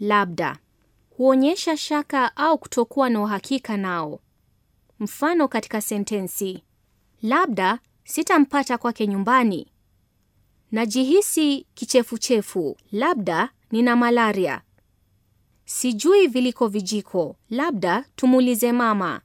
labda huonyesha shaka au kutokuwa na uhakika nao. Mfano katika sentensi: labda sitampata kwake nyumbani. Najihisi kichefuchefu, labda nina malaria. Sijui viliko vijiko, labda tumuulize mama.